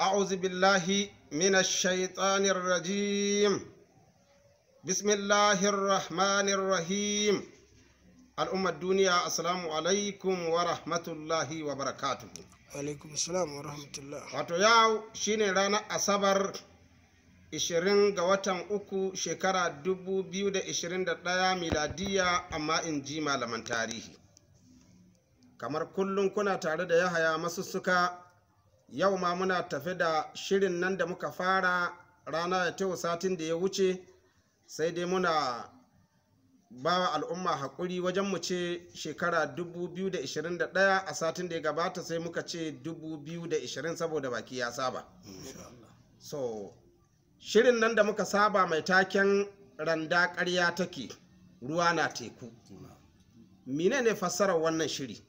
أعوذ بالله من الشيطان الرجيم بسم الله الرحمن الرحيم الأمة الدنيا السلام عليكم ورحمة الله وبركاته alaikum salam wa rahmatullah wato yau shine ranar asabar ishirin ga watan uku shekara 2021 miladiya amma in ji malaman tarihi kamar kullum kuna tare da yahaya masussuka yau ma muna tafi da shirin nan da muka fara rana da tewa satin da ya wuce sai dai muna ba wa al'umma haƙuri wajen mu ce shekara 2021 a satin da ya gabata sai muka ce 2020 saboda baki ya saba so shirin nan da muka saba mai taken randa karya take ruwa na teku mine ne fassarar wannan shiri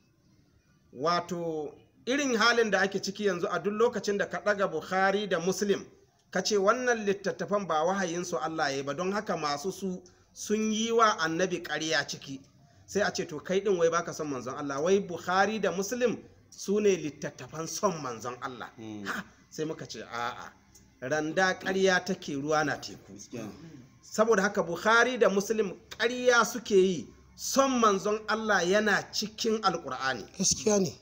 wato irin halin da ake ciki yanzu a duk lokacin da ka ɗaga bukhari da muslim ka ce wannan littattafan ba wahayin su allah ya ba don haka masu su sun yi wa annabi ƙarya ciki sai a ce to kai ɗin wai baka son manzon allah wai bukhari da muslim su ne littattafan son manzon allah hmm. sai muka ce a'a randa ƙarya take ruwa na teku saboda haka bukhari da muslim ƙarya suke yi son manzon allah yana cikin Alkur'ani. gaskiya ne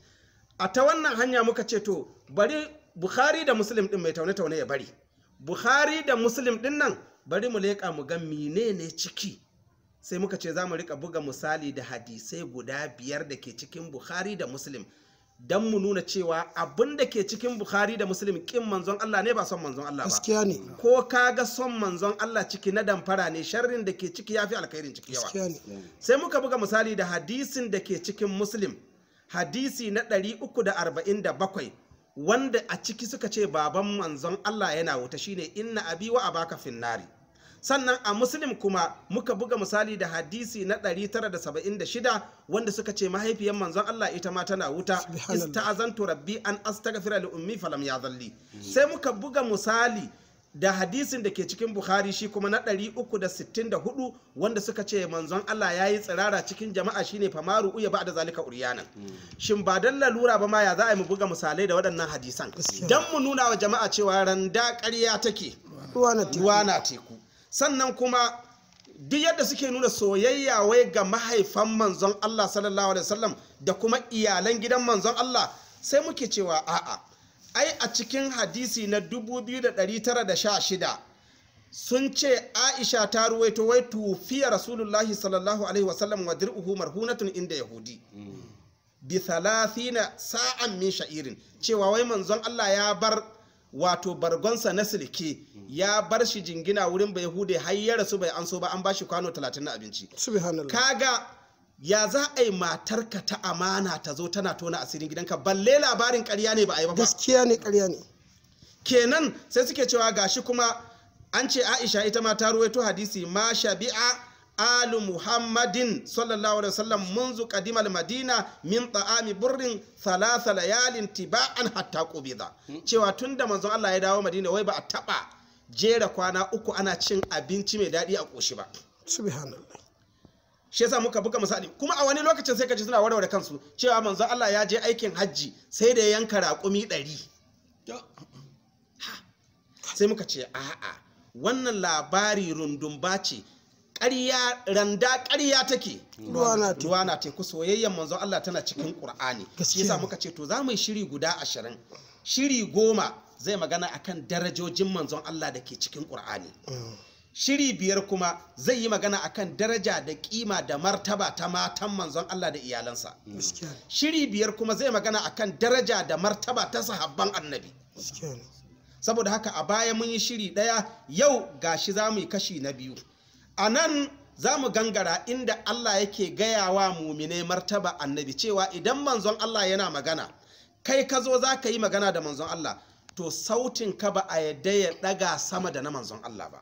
a ta wannan hanya muka ce to bari bukhari da muslim din mai taune-taune ya bari bukhari da muslim din nan bari mu leƙa mu ga ne ciki sai muka ce za mu rika buga misali da hadisai guda biyar da ke cikin bukhari da muslim don mu nuna cewa abin da ke cikin bukhari da muslim kin manzon allah ne ba son manzon allah ba gaskiya ne ko ga son manzon allah ciki na damfara ne sharrin da ke ciki ya fi alkhairin ciki yawa sai muka buga misali da hadisin da ke cikin muslim hadisi na 347 wanda a ciki suka ce baban manzon Allah yana wuta shine inna abi wa abaka finnari sannan a muslim kuma muka buga misali da hadisi na 976 wanda suka ce mahaifiyar manzon Allah ita ma tana wuta ista'azantu rabbi an astaghfira li ummi falam yazalli sai muka buga misali da hadisin da ke cikin bukhari shi kuma na 364 wanda suka ce manzon Allah ya yi tsirara cikin jama'a shine famaru uya ba da zalika uriyana shin ba dan lalura ba ma ya za a yi mu buga misalai da waɗannan hadisan dan mu nuna wa jama'a cewa randa ƙarya take ruwa na teku sannan kuma duk yadda suke nuna soyayya wai ga mahaifan manzon Allah sallallahu alaihi wasallam da kuma iyalan gidan manzon Allah sai muke cewa a'a ai a cikin hadisi na 2916 sun ce aisha ta ruwaito wai tufiya rasulullahi sallallahu alaihi wasallam wa dir'uhu marhunatun inda yahudi bi thalathina sa'an min sha'irin cewa wai manzon Allah ya bar wato bargonsa na silke ya bar shi jingina wurin bai hude har ya rasu bai an so ba an bashi kwano 30 na abinci subhanallah kaga ya za a yi matarka ta amana ta zo tana tona asirin gidanka balle labarin karya ne ba a yi ba gaskiya ne karya ne kenan sai suke cewa gashi kuma an ce aisha ita ma ta ruwaito hadisi ma shabi'a alu muhammadin sallallahu alaihi wasallam munzu kadimal madina min ta'ami burrin thalatha layalin tiba'an hatta qubida cewa tunda manzon Allah ya dawo madina wai ba a taba jera kwana uku ana cin abinci mai daɗi a koshi ba subhanallah shi yasa muka buga misali kuma a wani lokacin sai ka ji suna warware kansu cewa manzo Allah ya je aikin hajji sai da yanka raƙumi ɗari sai muka ce a'a wannan labari rundumba ce ƙarya randa ƙarya take ruwa na teku soyayyen manzon Allah tana cikin ƙur'ani shi yasa muka ce to za mu yi shiri guda ashirin shiri goma zai magana akan darajojin manzon Allah da ke cikin ƙur'ani mm. shiri biyar kuma zai yi magana akan daraja da kima da martaba ta matan manzon Allah da iyalansa shiri biyar kuma zai magana akan daraja da martaba ta sahabban annabi saboda haka a baya mun yi shiri ɗaya yau gashi za mu yi kashi na biyu a nan za mu gangara inda Allah yake gaya wa mumine martaba annabi cewa idan manzon Allah yana magana kai ka zo za ka yi magana da manzon Allah to sautin ka ba a yadda ya daga sama da na manzon Allah ba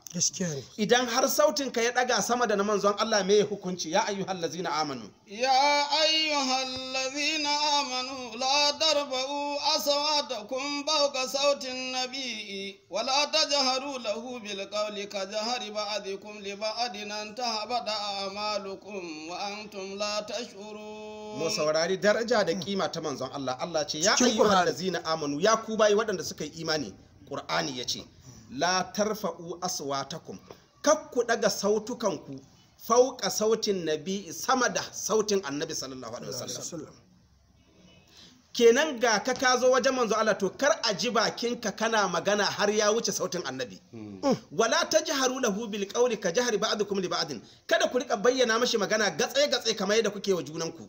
idan har sautin ka ya daga sama da na manzon Allah me hukunci ya ayyuhal ladzina amanu ya ayyuhal ladzina amanu la tarfa'u aswatakum fawqa sautin nabii wa la tajharu lahu bil qawli ka jahari ba'dikum li ba'din an tahbada a'malukum wa antum la tash'urun mu saurari daraja da kima ta manzon Allah Allah ce ya ayyuhal ladzina amanu ya ku waɗanda suka kai imani ƙur'ani ya ce la tarfa'u aswatakum kakku ku daga sautukanku fauka sautin nabi sama da sautin annabi sallallahu alaihi wasallam kenan ga ka ka zo wajen manzo Allah to kar a ji bakinka kana magana har ya wuce sautin annabi hmm. wala tajharu lahu bil qawli ka jahri ba'dukum li ba'din kada ku rika bayyana mashi magana gatse gatse kamar yadda kuke wa junanku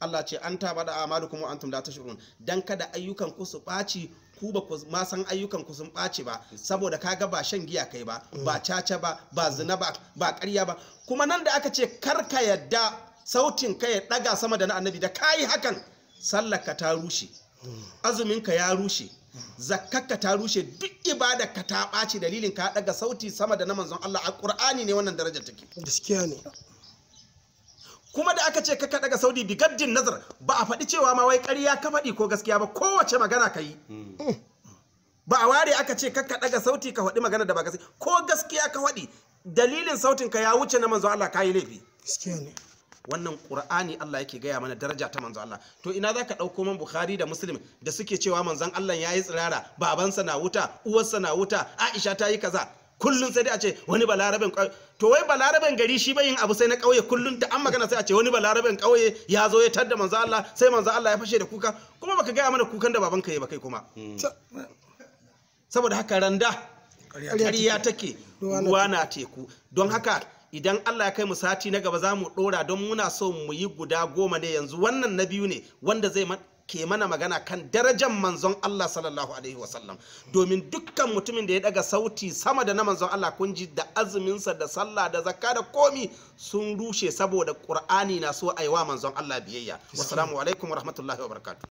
Allah ce an taba amalukum wa antum la tashurun dan kada ayyukan ku su ɓaci ku ba ku ma san ayyukan ku sun ɓace ba saboda ka ga ba shan giya kai ba mm. ba caca ba ba zina ba ba ƙarya ba kuma nan da aka ce kar ka yadda sautin ka ya ɗaga sama da na annabi da kayi hakan sallaka ta rushe mm. azuminka ya rushe zakkaka ta rushe duk ibada ka ta ɓace dalilin ka ɗaga sauti sama da na manzon Allah a ƙur'ani ne wannan darajar take gaskiya ne kuma da aka ce ka daga saudi bigaddin nazar ba a faɗi cewa ma wai ƙarya ka faɗi ko gaskiya ba kowace magana ka yi hmm. ba a ware aka ce ka daga sauti ka faɗi magana da ba gaskiya ko gaskiya ka faɗi dalilin sautin ka ya wuce na manzo Allah ka yi laifi wannan qur'ani Allah yake gaya mana daraja ta manzo Allah to ina zaka ɗauko man bukhari da muslim da suke cewa manzon Allah ya yi tsirara babansa na wuta uwarsa na wuta aisha ta yi kaza kullun sai dai a ce wani balaraben ƙauye to wai balaraben gari shi bai yin abu sai na ƙauye kullun ta. an magana sai a ce wani balaraben ƙauye ya zo ya tadda manzo Allah sai manzo Allah ya fashe da kuka kuma baka gaya mana kukan da babanka yayi ba kai kuma hmm. saboda haka randa ƙarya take ruwa na teku don haka idan Allah ya kai mu sati na gaba za mu ɗora don muna so mu yi guda goma ne yanzu wannan na biyu ne wanda zai ke mana magana kan darajan manzon Allah sallallahu alaihi wasallam domin dukkan mutumin da ya daga sauti sama da na manzon Allah kun ji da azuminsa da sallah da zakka da komi sun rushe saboda qur'ani na so aiwa manzon Allah biyayya wassalamu alaikum warahmatullahi wabarakatuh